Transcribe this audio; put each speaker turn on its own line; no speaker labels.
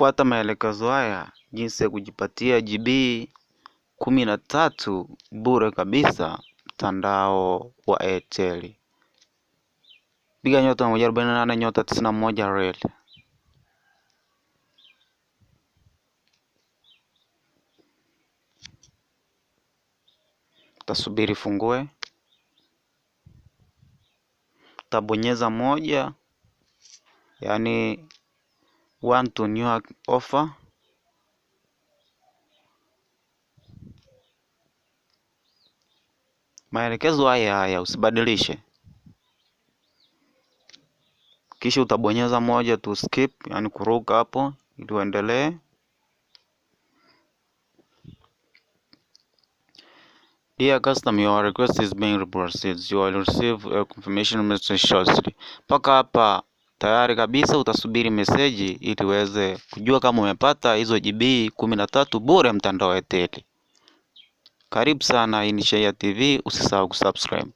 kufuata maelekezo haya jinsi ya kujipatia GB kumi na tatu bure kabisa mtandao wa Airtel. Piga nyota moja arobaini na nane nyota tisini na moja reli. Tasubiri fungue, tabonyeza moja, yaani Juan Antonio Offa maelekezo haya haya usibadilishe, kisha utabonyeza moja tu skip, yani kuruka hapo ili uendelee.
Dear customer, your request is being processed. You will receive a confirmation message shortly.
paka hapa tayari kabisa utasubiri meseji ili uweze kujua kama umepata hizo GB kumi na tatu bure mtandao wa Airtel. Karibu sana, hii ni Shayia TV, usisahau kusubscribe.